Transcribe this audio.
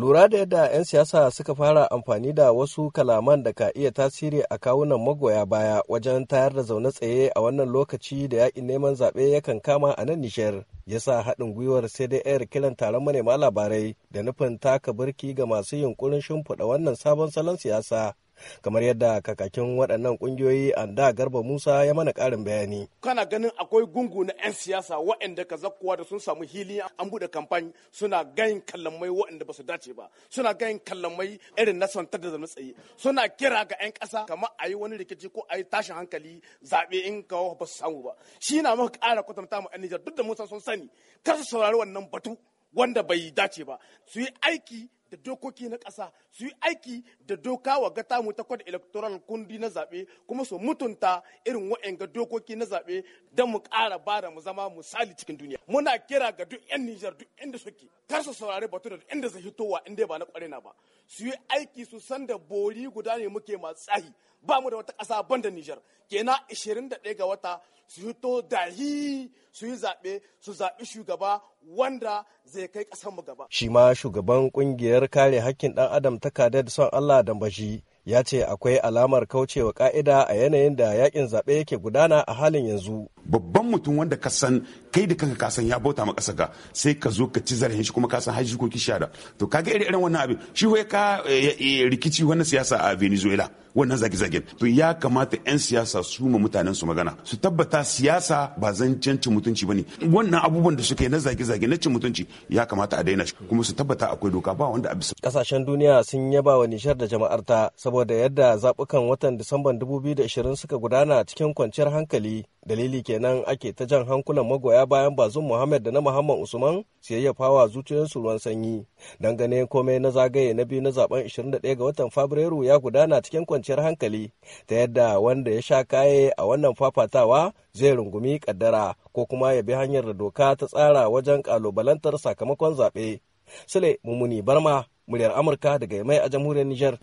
lura da yadda 'yan siyasa suka fara amfani da wasu kalaman da ka iya tasiri a kawunan magoya baya wajen tayar da zaune tsaye a wannan lokaci da yakin neman zaɓe yakan kama a nan nishiyar ya sa haɗin gwiwar sai dai yar kiran taron manema labarai da nufin taka birki ga masu yunkurin shimfiɗa wannan sabon salon siyasa kamar yadda kakakin waɗannan ƙungiyoyi da garba musa ya mana ƙarin bayani kana ganin akwai gungu na 'yan siyasa waɗanda ka zakkuwa da sun samu hili an buɗe kamfani suna gayin mai waɗanda ba su dace ba suna gayin mai irin na santar da zama tsaye suna kira ga 'yan ƙasa kamar a yi wani rikici ko a yi tashin hankali zaɓe in kawo ba su samu ba shi na maka ƙara kwatanta mu 'yan Nijar duk da musa sun sani kar su saurari wannan batu wanda bai dace ba su yi aiki da dokoki na ƙasa su yi aiki da doka wa gata mu ta kwada electoral kundi na zaɓe kuma su mutunta irin ga dokoki na zaɓe don mu ƙara bara mu zama misali cikin duniya muna kira ga duk 'yan Nijar duk inda suke kar su saurari batu da inda su hitowa inda ba na ƙwarina ba su yi aiki su san da bori guda ne muke masu tsayi ba mu da wata ƙasa ban da Nijar da 21 ga wata su hito dahi su yi zaɓe su zaɓi shugaba wanda zai kai mu gaba. Shi ma shugaban ƙungiyar kare hakkin ɗan adam ta da son Allah da dambashi ya ce akwai alamar kaucewa ƙa'ida a yanayin da yakin zaɓe yake gudana a halin yanzu babban mutum wanda ka san kai da kanka kasan ya bauta ma kasa ka sai ka zo ka ci zarafin shi kuma ka san haji koki shada to kaga irin irin wannan abin shi wai ka eh, rikici wannan siyasa a Venezuela wannan zage-zagen to ya kamata 'yan siyasa su ma mutanen su magana su tabbata siyasa ba zancen cin mutunci bane wannan abubuwan da suka yi na zage-zage na cin mutunci ya kamata a daina shi kuma su tabbata akwai doka ba wanda a kasashen duniya sun yaba wa nishar da jama'arta saboda yadda zabukan watan disamban 2020 suka gudana cikin kwanciyar hankali dalili kenan ake ta jan hankulan magoya bayan bazun muhammad da na muhammad usman su fawa zuciyarsu ruwan sanyi dangane komai na zagaye na biyu na zaben 21 ga watan fabrairu ya gudana cikin kwanciyar hankali ta yadda wanda ya sha kaye a wannan fafatawa zai rungumi kaddara ko kuma ya bi hanyar da doka ta tsara wajen kalubalantar sakamakon zaɓe sule mummuni barma muryar amurka daga mai a jamhuriyar nijar.